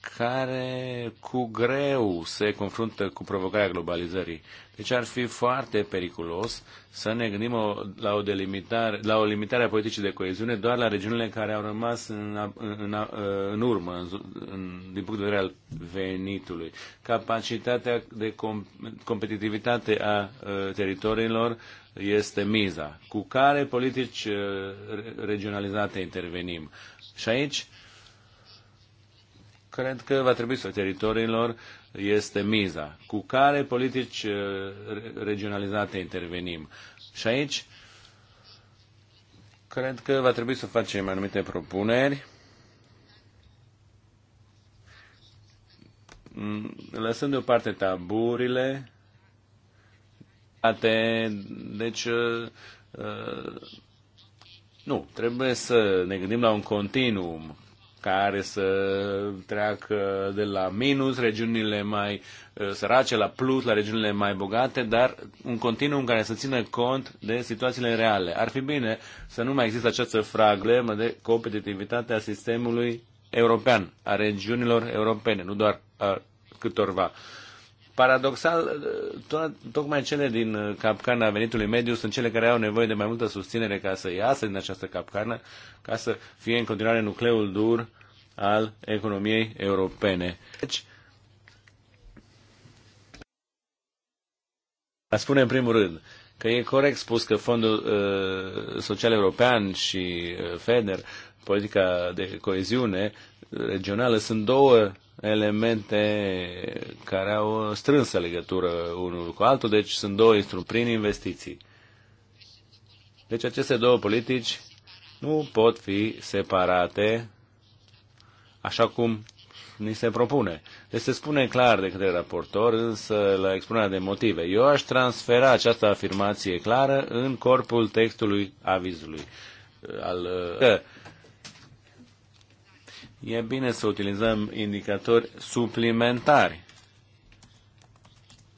care cu greu se confruntă cu provocarea globalizării. Deci ar fi foarte periculos să ne gândim o, la, o delimitare, la o limitare a politicii de coeziune doar la regiunile care au rămas în, în, în, în urmă în, în, din punct de vedere al venitului. Capacitatea de com, competitivitate a, a ă, teritoriilor este miza. Cu care politici ă, regionalizate intervenim? Și aici cred că va trebui să teritoriilor este miza. Cu care politici uh, regionalizate intervenim? Și aici cred că va trebui să facem anumite propuneri mm, lăsând deoparte taburile, ate, deci uh, uh, nu, trebuie să ne gândim la un continuum care să treacă de la minus regiunile mai uh, sărace la plus, la regiunile mai bogate, dar un continuum care să țină cont de situațiile reale. Ar fi bine să nu mai există această fraglemă de competitivitate a sistemului european, a regiunilor europene, nu doar a câtorva. Uh, Paradoxal, to- tocmai cele din capcana venitului mediu sunt cele care au nevoie de mai multă susținere ca să iasă din această capcană, ca să fie în continuare nucleul dur al economiei europene. Deci, a spune în primul rând că e corect spus că Fondul uh, Social European și uh, FEDER, politica de coeziune regională, sunt două elemente care au strânsă legătură unul cu altul, deci sunt două instrumente prin investiții. Deci aceste două politici nu pot fi separate așa cum ni se propune. Deci se spune clar de către raportor, însă la expunerea de motive. Eu aș transfera această afirmație clară în corpul textului avizului. Uh, al, uh, e bine să utilizăm indicatori suplimentari.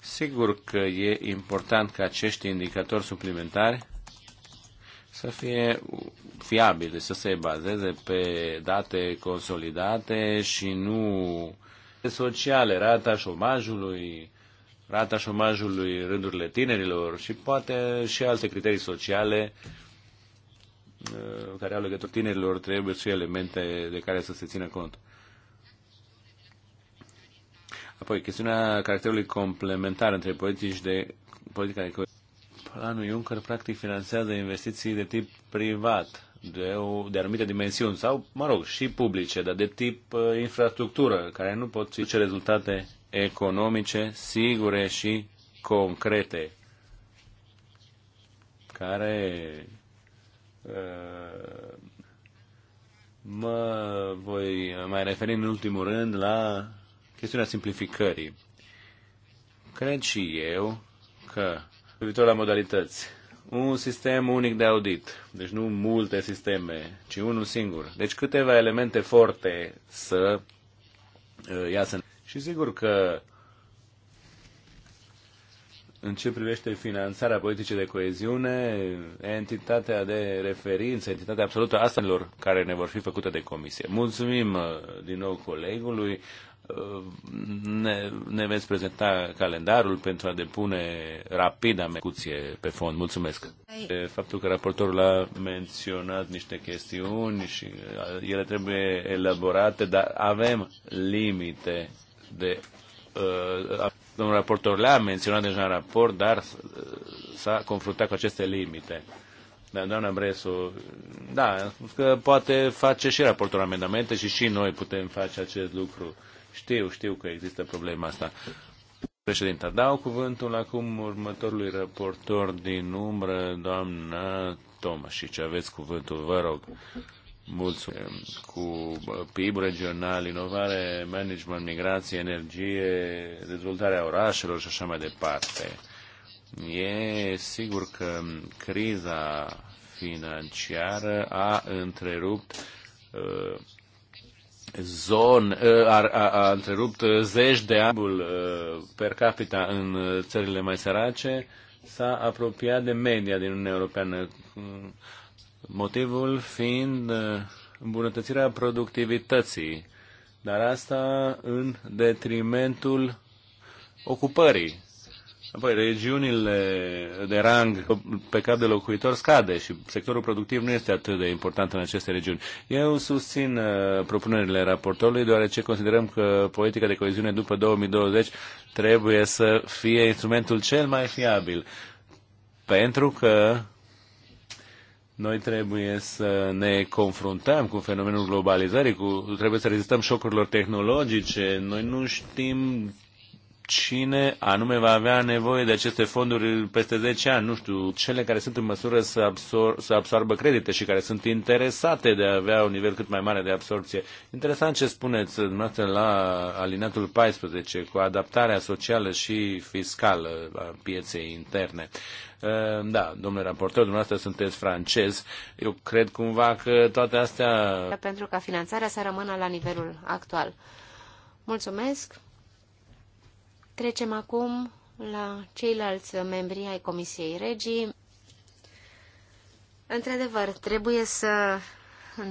Sigur că e important ca acești indicatori suplimentari să fie fiabile, să se bazeze pe date consolidate și nu sociale, rata șomajului, rata șomajului rândurile tinerilor și poate și alte criterii sociale Uh, care au legătură tinerilor trebuie și elemente de care să se țină cont. Apoi, chestiunea caracterului complementar între politici de politica de Planul Juncker practic finanțează investiții de tip privat, de, o, de anumite dimensiuni sau, mă rog, și publice, dar de tip uh, infrastructură, care nu pot duce rezultate economice, sigure și concrete, care Mă voi mai referi în ultimul rând la chestiunea simplificării. Cred și eu că, privitor la modalități, un sistem unic de audit, deci nu multe sisteme, ci unul singur. Deci câteva elemente forte să uh, iasă. Și sigur că în ce privește finanțarea politicii de coeziune, entitatea de referință, entitatea absolută a stanilor care ne vor fi făcute de comisie. Mulțumim uh, din nou colegului. Uh, ne, ne veți prezenta calendarul pentru a depune rapid amecuție pe fond. Mulțumesc. De faptul că raportorul a menționat niște chestiuni și uh, ele trebuie elaborate, dar avem limite de uh, domnul raportor le-a menționat deja în raport, dar uh, s-a confruntat cu aceste limite. Dar doamna Bresu, da, am că poate face și raportul amendamente și și noi putem face acest lucru. Știu, știu că există problema asta. Președinte, dau cuvântul acum următorului raportor din umbră, doamna ce Aveți cuvântul, vă rog mulțumesc cu PIB regional, inovare, management, migrație, energie, dezvoltarea orașelor și așa mai departe. E sigur că criza financiară a întrerupt zone, uh, zon, uh, a, a, a întrerupt uh, zeci de ani per capita în țările mai sărace, s-a apropiat de media din Uniunea Europeană. Motivul fiind uh, îmbunătățirea productivității, dar asta în detrimentul ocupării. Apoi, regiunile de rang pe cap de locuitor scade și sectorul productiv nu este atât de important în aceste regiuni. Eu susțin uh, propunerile raportorului deoarece considerăm că politica de coeziune după 2020 trebuie să fie instrumentul cel mai fiabil pentru că noi trebuie să ne confruntăm cu fenomenul globalizării, cu, trebuie să rezistăm șocurilor tehnologice. Noi nu știm cine anume va avea nevoie de aceste fonduri peste 10 ani, nu știu, cele care sunt în măsură să, absor- să absorbă credite și care sunt interesate de a avea un nivel cât mai mare de absorpție. Interesant ce spuneți dumneavoastră la alinatul 14 cu adaptarea socială și fiscală a pieței interne. Ehm, da, domnule raportor, dumneavoastră sunteți francez. Eu cred cumva că toate astea... Pentru ca finanțarea să rămână la nivelul actual. Mulțumesc! Trecem acum la ceilalți membri ai Comisiei Regii. Într-adevăr, trebuie să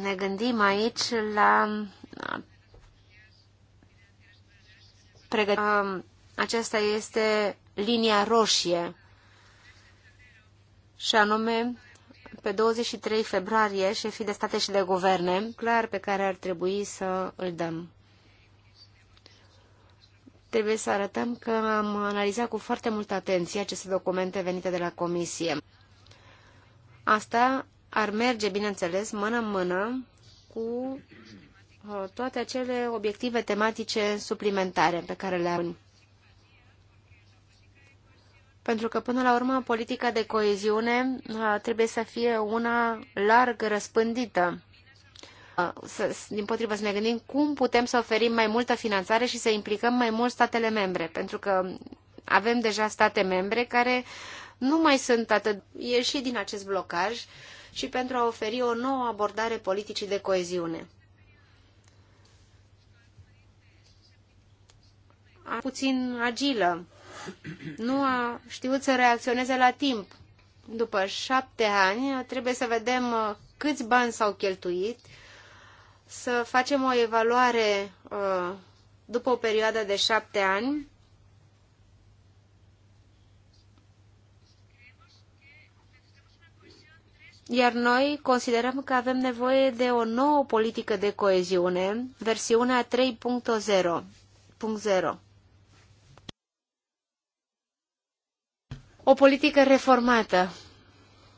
ne gândim aici la pregătirea. Um, aceasta este linia roșie și anume pe 23 februarie șefii de state și de guverne clar pe care ar trebui să îl dăm trebuie să arătăm că am analizat cu foarte multă atenție aceste documente venite de la Comisie. Asta ar merge, bineînțeles, mână-mână cu uh, toate acele obiective tematice suplimentare pe care le avem. Pentru că, până la urmă, politica de coeziune uh, trebuie să fie una larg răspândită să, din potrivă să ne gândim cum putem să oferim mai multă finanțare și să implicăm mai mult statele membre, pentru că avem deja state membre care nu mai sunt atât ieși din acest blocaj și pentru a oferi o nouă abordare politicii de coeziune. A puțin agilă, nu a știut să reacționeze la timp. După șapte ani trebuie să vedem uh, câți bani s-au cheltuit să facem o evaluare uh, după o perioadă de șapte ani iar noi considerăm că avem nevoie de o nouă politică de coeziune, versiunea 3.0. O politică reformată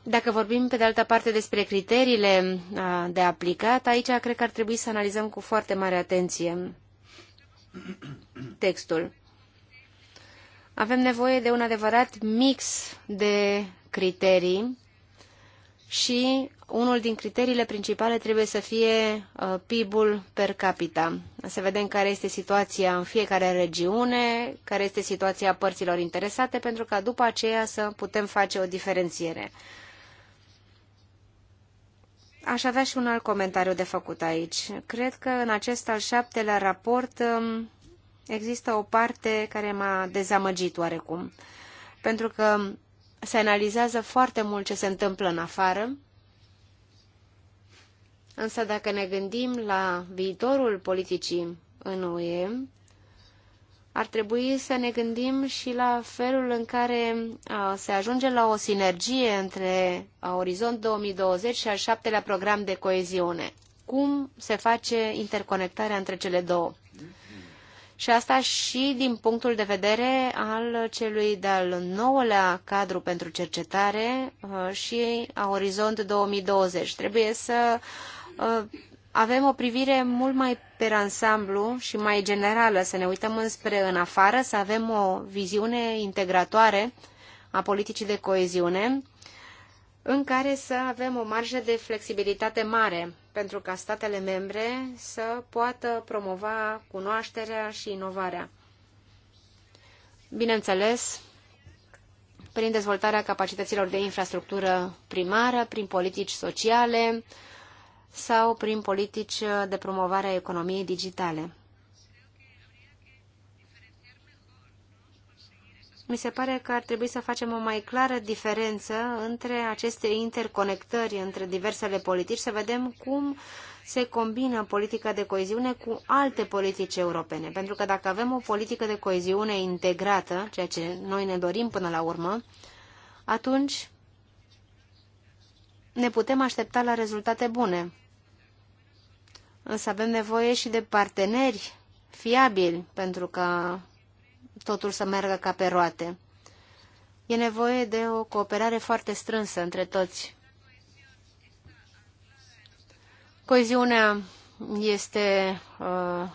dacă vorbim, pe de altă parte, despre criteriile de aplicat, aici cred că ar trebui să analizăm cu foarte mare atenție textul. Avem nevoie de un adevărat mix de criterii și unul din criteriile principale trebuie să fie PIB-ul per capita. Să vedem care este situația în fiecare regiune, care este situația părților interesate, pentru ca după aceea să putem face o diferențiere. Aș avea și un alt comentariu de făcut aici. Cred că în acest al șaptelea raport um, există o parte care m-a dezamăgit oarecum, pentru că se analizează foarte mult ce se întâmplă în afară, însă dacă ne gândim la viitorul politicii în UE, ar trebui să ne gândim și la felul în care uh, se ajunge la o sinergie între uh, Orizont 2020 și al șaptelea program de coeziune. Cum se face interconectarea între cele două? Și asta și din punctul de vedere al celui de-al nouălea cadru pentru cercetare uh, și a Orizont 2020. Trebuie să avem o privire mult mai pe ansamblu și mai generală, să ne uităm înspre în afară, să avem o viziune integratoare a politicii de coeziune, în care să avem o marjă de flexibilitate mare pentru ca statele membre să poată promova cunoașterea și inovarea. Bineînțeles, prin dezvoltarea capacităților de infrastructură primară, prin politici sociale, sau prin politici de promovare a economiei digitale. Mi se pare că ar trebui să facem o mai clară diferență între aceste interconectări între diversele politici, să vedem cum se combină politica de coeziune cu alte politici europene. Pentru că dacă avem o politică de coeziune integrată, ceea ce noi ne dorim până la urmă, atunci ne putem aștepta la rezultate bune. Însă avem nevoie și de parteneri fiabili pentru că totul să meargă ca pe roate. E nevoie de o cooperare foarte strânsă între toți. Coeziunea este uh,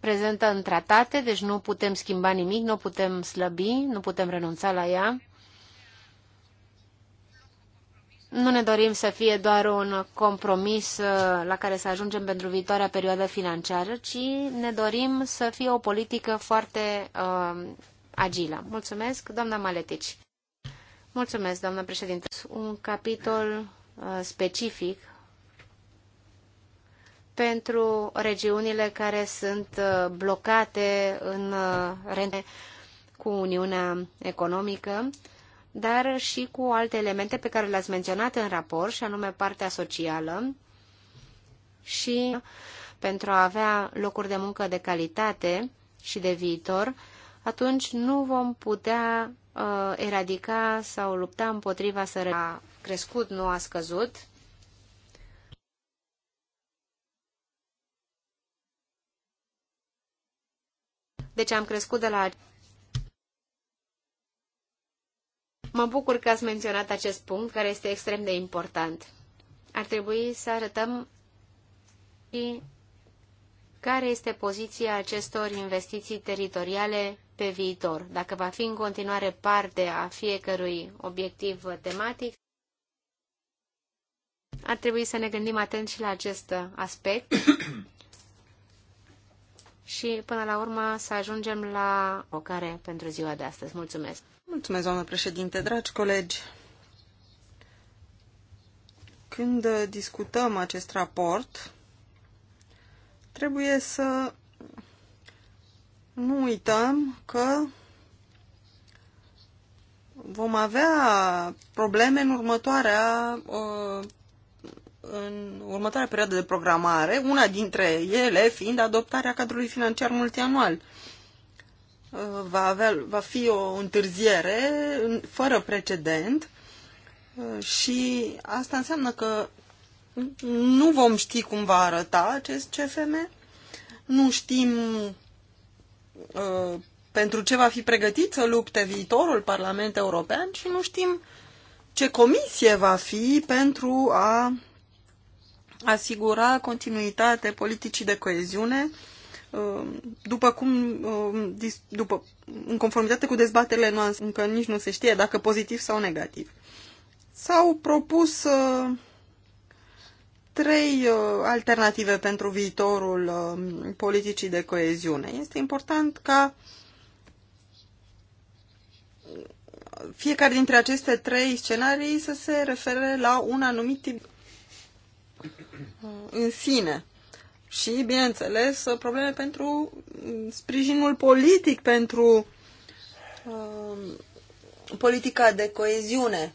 prezentă în tratate, deci nu putem schimba nimic, nu putem slăbi, nu putem renunța la ea. Nu ne dorim să fie doar un compromis uh, la care să ajungem pentru viitoarea perioadă financiară, ci ne dorim să fie o politică foarte uh, agilă. Mulțumesc, doamna Maletici. Mulțumesc, doamna președinte. Un capitol uh, specific pentru regiunile care sunt uh, blocate în uh, rente cu Uniunea Economică dar și cu alte elemente pe care le-ați menționat în raport, și anume partea socială și pentru a avea locuri de muncă de calitate și de viitor, atunci nu vom putea uh, eradica sau lupta împotriva sărăciei. A crescut, nu a scăzut. Deci am crescut de la Mă bucur că ați menționat acest punct, care este extrem de important. Ar trebui să arătăm care este poziția acestor investiții teritoriale pe viitor, dacă va fi în continuare parte a fiecărui obiectiv tematic. Ar trebui să ne gândim atent și la acest aspect și până la urmă să ajungem la o care pentru ziua de astăzi. Mulțumesc! Mulțumesc, doamnă președinte, dragi colegi. Când discutăm acest raport, trebuie să nu uităm că vom avea probleme în următoarea uh, în următoarea perioadă de programare, una dintre ele fiind adoptarea cadrului financiar multianual. Uh, va, avea, va fi o întârziere fără precedent uh, și asta înseamnă că nu vom ști cum va arăta acest CFM, nu știm uh, pentru ce va fi pregătit să lupte viitorul Parlament European și nu știm ce comisie va fi pentru a asigura continuitate politicii de coeziune uh, Um, după cum, um, după, în conformitate cu dezbaterile noastre, încă nici nu se știe dacă pozitiv sau negativ. S-au propus uh, trei uh, alternative pentru viitorul um, politicii de coeziune. Este important ca fiecare dintre aceste trei scenarii să se refere la un anumit tip uh, în sine și, bineînțeles, probleme pentru sprijinul politic, pentru uh, politica de coeziune.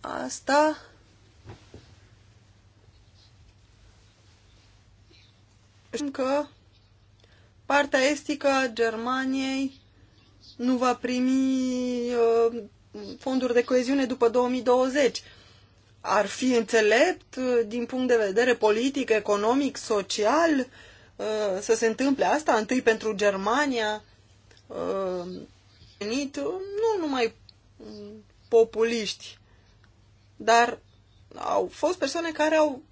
Asta știm că partea estică a Germaniei nu va primi uh, fonduri de coeziune după 2020 ar fi înțelept uh, din punct de vedere politic, economic, social uh, să se întâmple asta întâi pentru Germania uh, venit nu numai mm, populiști, dar au fost persoane care au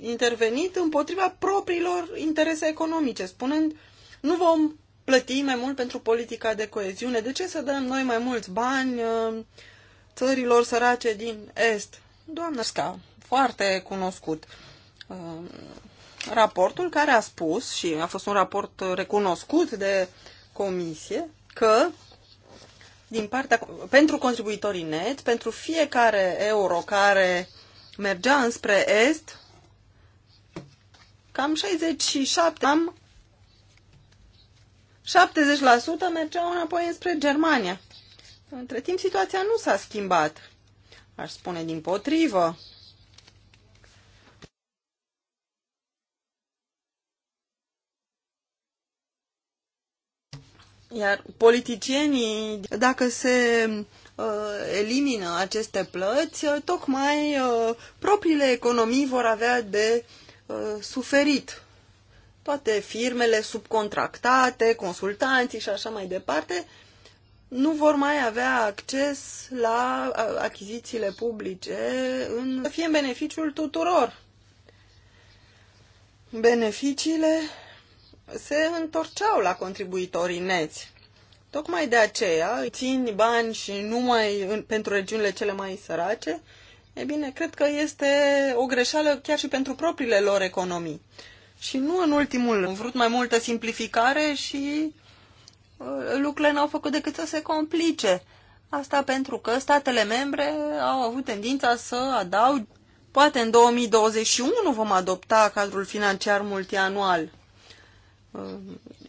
intervenit împotriva propriilor interese economice, spunând nu vom plăti mai mult pentru politica de coeziune, de ce să dăm noi mai mulți bani țărilor sărace din Est? doamnă Sca, foarte cunoscut, uh, raportul care a spus, și a fost un raport recunoscut de comisie, că din partea, pentru contribuitorii net, pentru fiecare euro care mergea înspre est, cam 67, am 70% mergeau înapoi înspre Germania. Între timp, situația nu s-a schimbat. Aș spune din potrivă. Iar politicienii, dacă se uh, elimină aceste plăți, uh, tocmai uh, propriile economii vor avea de uh, suferit. Toate firmele subcontractate, consultanții și așa mai departe, uh, nu vor mai avea acces la achizițiile publice în... să fie în beneficiul tuturor. Beneficiile se întorceau la contribuitorii neți. Tocmai de aceea țin bani și numai în, pentru regiunile cele mai sărace, e bine, cred că este o greșeală chiar și pentru propriile lor economii. Și nu în ultimul, am vrut mai multă simplificare și lucrurile n-au făcut decât să se complice. Asta pentru că statele membre au avut tendința să adaug, poate în 2021 vom adopta cadrul financiar multianual.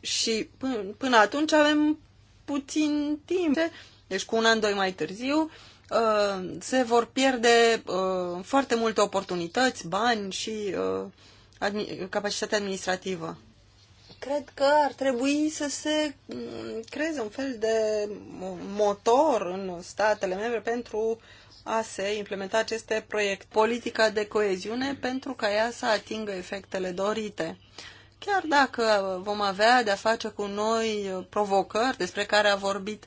Și până atunci avem puțin timp. Deci cu un an, doi mai târziu, uh, se vor pierde uh, foarte multe oportunități, bani și uh, capacitatea administrativă cred că ar trebui să se mm, creeze un fel de motor în statele membre pentru a se implementa aceste proiecte. Politica de coeziune pentru ca ea să atingă efectele dorite. Chiar dacă vom avea de-a face cu noi provocări despre care a vorbit